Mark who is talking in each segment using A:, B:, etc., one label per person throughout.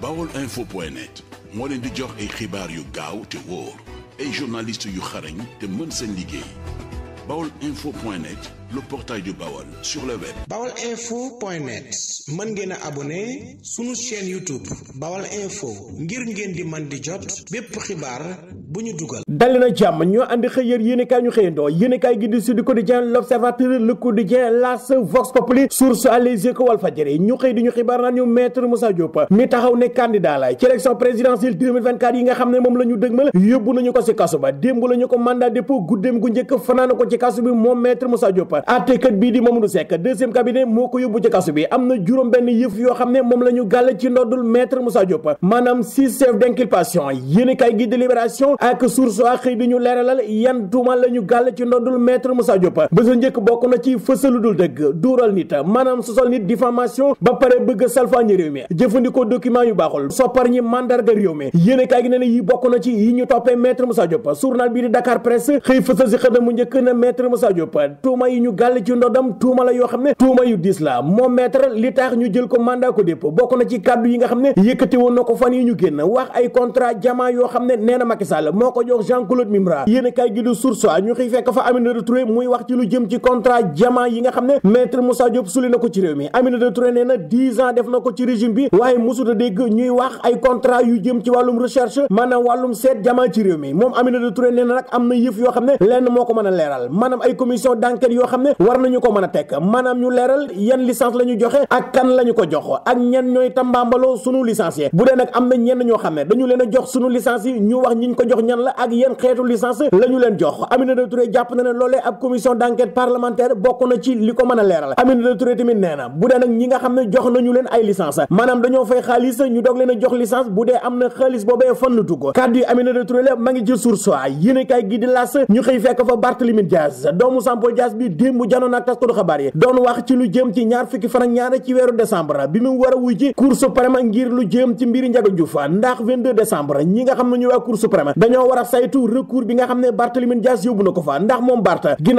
A: bawol info point moo leen di jox ay xibaar yu gaaw te wóor ay journalistes yu xarañ te mën seen liggéey bawol info point net le portail du Baol sur le web. Baol info point net mën ngeen a abonné sunu chaîne YouTube Baol info ngir ngeen di man di jot bépp xibaar. bu ñu dugal dali na jàmm ñoo àndi xëy yér yéenekaay ñu xëyandoo yéenekaay gi di Sud Quotidien L'Observateur Le Quotidien L'As Vox Populi Source A Les Échos Walfadjri ñu xëy di ñu xibaar naan ñu maître Moussa Diop mi taxaw ne candidat la ci élection présidentielle 2024 yi nga xam ne moom la ñu dëgmal yóbbu nañu ko ci kaso ba démb la ko mandat dépôt guddeem gu njëkk fanaana ko ci kaso bi moom maître Moussa Diop àttekat bii di Mamadou Seck deuxième na juróom benn yoo xam ne moom la ñu gàll ci ndoddul maître Moussa Diop maanaam six chefs d'inculpation yéenekaay gi de Libération ak source ak xëy bi ñu leeralal yan tuuma la ñu gàll ci ndondul maître Moussa Diop ba sa njëkk bokk na ci fësalu dul dëgg duural nit maanaam sosal nit diffamation ba pare bëgg salfaañi réew mi jëfandikoo document yu baaxul soppar ñi mandarga réew mi yéen kaay gi ne ne yi bokk na ci yi ñu toppee maître Moussa Diop journal bii di Dakar Presse xëy fësal si xëy mu njëkk na maître Moussa Diop tuuma yi ñu gàll ci ndodam tuuma la yoo xam ne tuuma yu diis la moom maître li tax ñu jël ko mandat ko dépp bokk na ci kàddu yi nga xam ne yëkkati woon na ko fan yi ñu génn wax ay contrat jamaa yoo xam ne nee na Macky Sall moo ko jox Jean Claude Mimra yéen kay gi du ñu xëy fekk fa Aminata Touré muy wax ci lu jëm ci contrat jama yi nga xam ne maître Moussa Diop suli na ko ci réew mi Aminata Touré nee na dix ans def na ko ci régime bi waaye mosuta dégg ñuy wax ay contrat yu jëm ci wàllum recherche maanaam wàllum seet jama ci réew mi moom Aminata Touré nee na nag am na yëf yoo xam ne lenn moo ko mën leeral maanaam ay commission d'enquête yoo xam ne war nañu ko mën a tekk maanaam ñu leeral yan licence la ñu joxe ak la ko jox ak ñen ñooy tambaambaloo sunu licencié bu dee nag am ñoo xam ne dañu leen a jox sunu licence ko jox ñan la ak yéen xeetu licence la ñu leen jox Aminata Touré jàpp na ne loolee ab commission d'enquête parlementaire bokk na ci li ko mën a leeral Aminata Touré tamit nee na bu dee nag ñi nga xam ne jox nañu leen ay licence maanaam dañoo fay xaalis ñu doog leen a jox licence bu dee am na xaalis boobee fan la dugg kàddu yi Aminata Touré la ma ngi ci kay gi di las ñu xëy fekk fa Barthélémy Dias doomu Sampol Dias bi démb janoon ak taskatu xabaar dañoo war a saytu recours bi nga xam ko fa ndax gi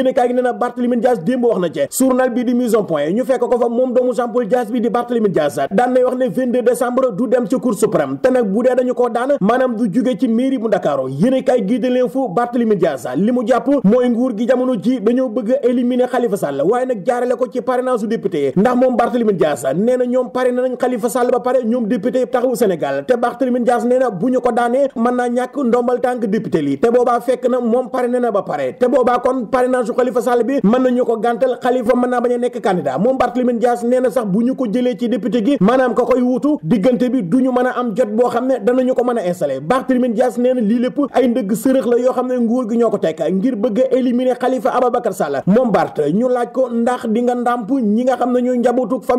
A: nee na Barthélémy Dias démb wax na ci journal du jóge ci mairie bu Ndakaaru yéen kaay gii di leen fu li mu jàpp mooy nguur gi jamono ji dañoo bëgg a éliminer Khalifa Sall waaye nag jaarale ko ci parrainage su député ndax moom Barthélémy Barthélémy Dias nee na ñoom pare nañ Khalifa Sall ba pare ñoom député yëpp taxawu te Barthélémy Dias nee na bu ñu ko daanee mën naa ñàkk ndombal tànk député li te boobaa fekk na moom pare na ba pare te boobaa kon parrainage su Khalifa Sall bi mën nañu ko gàntal Khalifa mën naa bañ a nekk candidat moom Barthélémy Dias nee na sax bu ñu ko jëlee ci député gi maanaam ka koy wuutu diggante bi du ñu mën a am jot boo xam ne danañu ko a ko tekk a éliminer Khalifa Ababacar Sall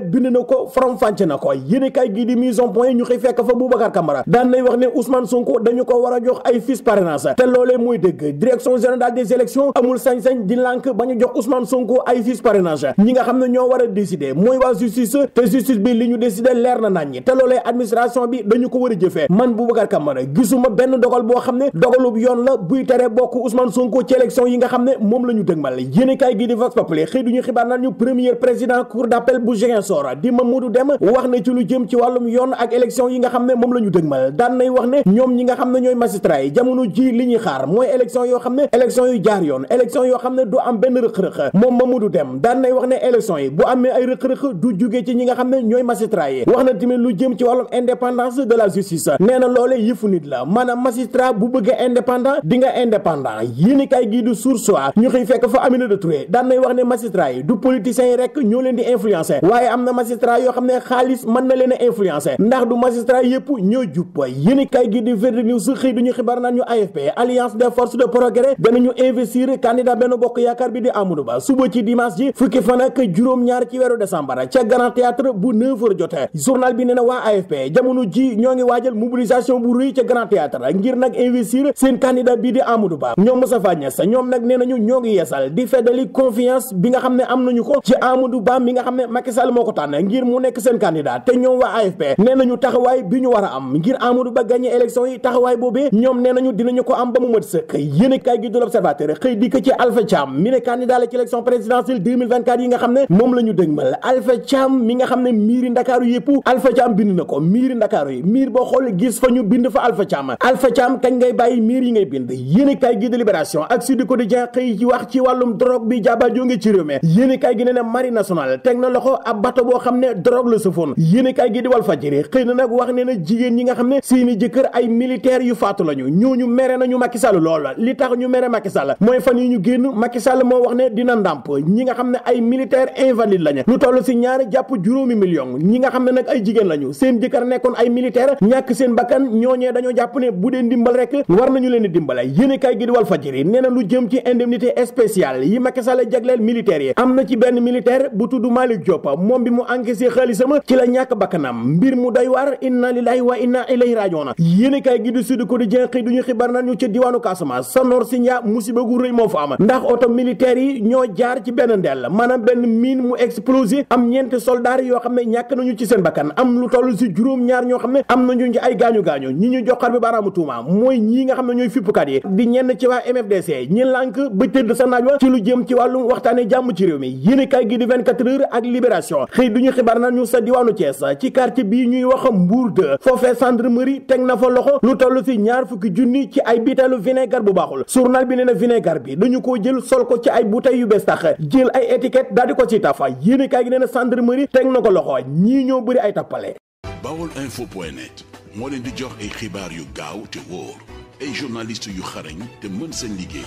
A: Ndiaye bind na ko faram-fàcce na ko yéenekaay gii di mise point ñu xëy fekk fa Boubacar Camara daan wax ne Ousmane Sonko dañu ko war a jox ay fiches parrainage te loolee muy dëgg direction générale des élections amul sañ-sañ di lànk ba ñu jox Ousmane Sonko ay fiches parrainage ñi nga xam ne ñoo war a décider mooy waa justice te justice bi li ñu décider leer na nañ ñi te loolee administration bi dañu ko war a jëfee man Boubacar Camara gisuma benn dogal boo xam ne dogalub yoon la buy tere bokk Ousmane Sonko ci élection yi nga xam ne moom la ñu dëgmal yéenekaay gii di Vox Populi xëy duñu xibaar Ziguinchor di Mamadou Deme wax na ci lu jëm ci wàllum yoon ak élection yi nga xam ne moom la ñu dëgmal daan nay wax ne ñoom ñi nga xam ne ñooy magistrat yi jamono ji li ñuy xaar mooy élection yoo xam ne élection yu jaar yoon élection yoo xam ne du am benn rëq-rëq moom Mamadou Deme daan nay wax ne élection yi bu amee ay rëq-rëq du jugee ci ñi nga xam ne ñooy magistrat yi wax na tamit lu jëm ci wàllum indépendance de la justice nee na loole yëfu nit la maanaam magistrat bu nga indépendant yéen kay gii du ñu xëy fekk fa Aminata Touré daan nay wax ne magistrat yi du politiciens yi rek ñoo am na magistrat yoo xam ne xaalis mën na leen a influencer ndax du magistrat yëpp ñoo jub yéen kay gi di Verde News xëy duñu xibaar naan ñu AFP alliance des forces de progrès danañu investir candidat benn bokk yaakaar bi di Amadou Ba suba ci dimanche ji fukki fan ak juróom-ñaar ci weeru décembre ca Grand Théâtre bu 9 jotee journal bi nee waa AFP jamono ji ñoo ngi waajal mobilisation bu rëy ca Grand Théâtre ngir nag investir seen candidat bi di moo ko tànn ngir mu nekk seen candidat te ñoom waa AFP nee nañu taxawaay bi ñu war a am ngir Amadou Ba gagné élection yi taxawaay boobee ñoom nee nañu dinañu ko am ba mu mat sëkk yéen gi du l'observateur xëy di ci Alpha Thiam mi ne candidat la ci élection présidentielle yi nga xam ne moom la ñu dëgmal Alpha Thiam mi nga xam ne miiri ndakaaru yëpp Alpha Thiam bind na ko miiri ndakaaru yi miir boo xool gis fa ñu bind fa Alpha Thiam Alpha Thiam kañ ngay bàyyi mi bato boo xam ne drogue la sëfoon yéene kaay gi wal fajiri xëy na nag wax ne na jigéen ñi nga xam ne seeni jëkkër ay militaire yu faatu lañu ñooñu mere nañu Macky Sall loola li tax ñu mere Macky Sall mooy fan yi ñu génn Macky Sall moo wax ne dina ndàmp ñi nga xam ne ay militaire invalide lañu lu toll si ñaari jàpp juróomi million ñi nga xam ne nag ay jigéen lañu seen jëkkër nekkoon ay militaire ñàkk seen bakkan ñooñee dañoo jàpp ne bu dee ndimbal rek war nañu leen di dimbale yéene kaay gi wal fajiri nee na lu jëm ci indemnité spéciale yi Macky Sall jagleel militaire yi am na ci benn militaire bu tudd Malick Diop bi mu encaissé xaalisam ci la ñàkk bakkanam mbir mu doy waar inna lillahi wa inna ilayhi rajiun yéene kaay gi di Sud Quotidien xëy duñu xibaar nañu ca diwaanu Casamance Sanor Sindia musiba gu rëy moo fa am ndax oto militaire yi ñoo jaar ci benn ndel maanaam benn mine mu explosé am ñeent soldaar yoo xam ne ñàkk nañu ci seen bakkan am lu toll si juróom-ñaar ñoo xam ne am nañu ci ñu joxar bi baaraamu tuuma mooy ñii nga xam ne ñooy fippkat yi di ñenn ci waa MFDC ñi xëy duñu xibaar naan ñu sa diwaanu Thiès ci quartier bi ñuy wax Mbour 2 foofee gendarmerie teg na fa loxo lu toll si ñaar fukki junni ci ay biteelu vinaigre bu baaxul journal bi nee na vinaigre bi dañu koo jël sol ko ci ay bouteilles yu bees tax jël ay étiquette daal ko ci tafa yéen kaay gi nee na gendarmerie teg na ko loxo ñii ñoo bëri ay tappale bawol info point net moo leen di jox ay xibaar yu gaaw te wóor ay journaliste yu xarañ te mën seen liggéey